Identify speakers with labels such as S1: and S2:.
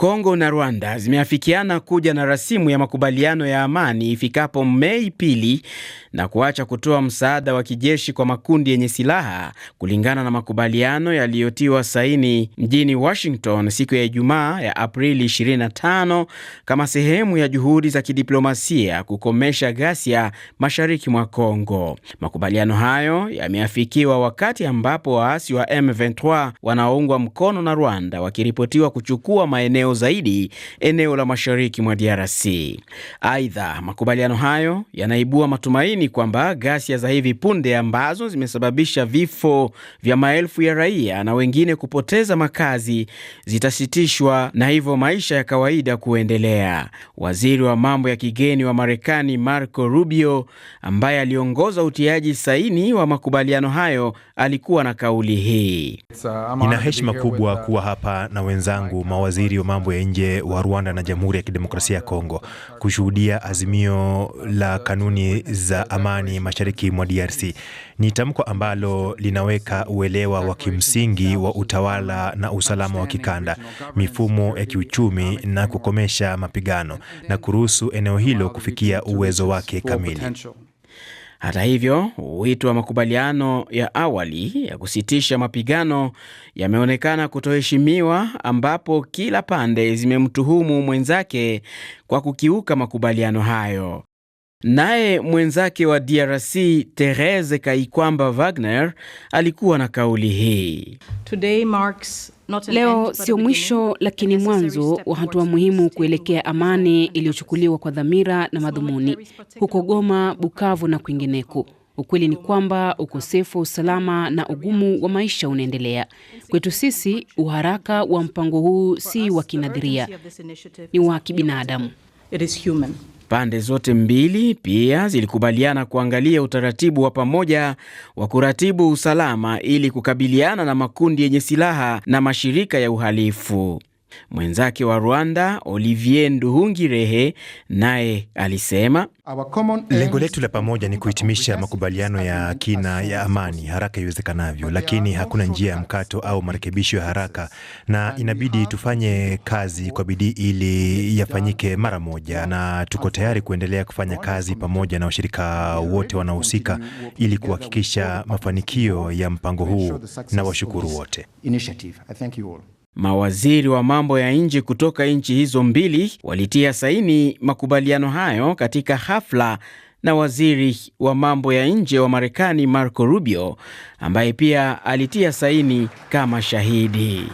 S1: Kongo na Rwanda zimeafikiana kuja na rasimu ya makubaliano ya amani ifikapo Mei pili na kuacha kutoa msaada wa kijeshi kwa makundi yenye silaha kulingana na makubaliano yaliyotiwa saini mjini Washington siku ya Ijumaa ya Aprili 25 kama sehemu ya juhudi za kidiplomasia kukomesha ghasia mashariki mwa Kongo. Makubaliano hayo yameafikiwa wakati ambapo waasi wa M23 wanaoungwa mkono na Rwanda wakiripotiwa kuchukua maeneo maeneo zaidi eneo la mashariki mwa DRC. Aidha, makubaliano hayo yanaibua matumaini kwamba ghasia za hivi punde ambazo zimesababisha vifo vya maelfu ya raia na wengine kupoteza makazi zitasitishwa na hivyo maisha ya kawaida kuendelea. Waziri wa mambo ya kigeni wa Marekani Marco Rubio, ambaye aliongoza utiaji saini wa makubaliano hayo, alikuwa na kauli hii:
S2: ina heshima kubwa kuwa hapa na wenzangu mawaziri wa mambo ya nje wa Rwanda na Jamhuri ya Kidemokrasia ya Kongo kushuhudia azimio la kanuni za amani mashariki mwa DRC. Ni tamko ambalo linaweka uelewa wa kimsingi wa utawala na usalama wa kikanda, mifumo ya kiuchumi na kukomesha mapigano na kuruhusu eneo hilo kufikia uwezo wake kamili.
S1: Hata hivyo, wito wa makubaliano ya awali ya kusitisha mapigano yameonekana kutoheshimiwa, ambapo kila pande zimemtuhumu mwenzake kwa kukiuka makubaliano hayo. Naye mwenzake wa DRC Therese Kaikwamba Wagner alikuwa na kauli hii:
S3: Leo sio mwisho, lakini mwanzo wa hatua muhimu kuelekea amani iliyochukuliwa kwa dhamira na madhumuni huko Goma, Bukavu na kwingineko. Ukweli ni kwamba ukosefu wa usalama na ugumu wa maisha unaendelea. Kwetu sisi, uharaka wa mpango huu si wa kinadhiria, ni wa kibinadamu.
S1: Pande zote mbili pia zilikubaliana kuangalia utaratibu wa pamoja wa kuratibu usalama ili kukabiliana na makundi yenye silaha na mashirika ya uhalifu. Mwenzake wa Rwanda Olivier Nduhungirehe naye alisema
S4: lengo letu la pamoja ni kuhitimisha makubaliano ya kina ya amani haraka iwezekanavyo, lakini hakuna njia ya mkato au marekebisho ya haraka, na inabidi tufanye kazi kwa bidii ili yafanyike mara moja, na tuko tayari kuendelea kufanya kazi pamoja na washirika wote wanaohusika ili kuhakikisha mafanikio ya mpango huu, na washukuru wote.
S1: Mawaziri wa mambo ya nje kutoka nchi hizo mbili walitia saini makubaliano hayo katika hafla na waziri wa mambo ya nje wa Marekani Marco Rubio ambaye pia alitia saini kama shahidi.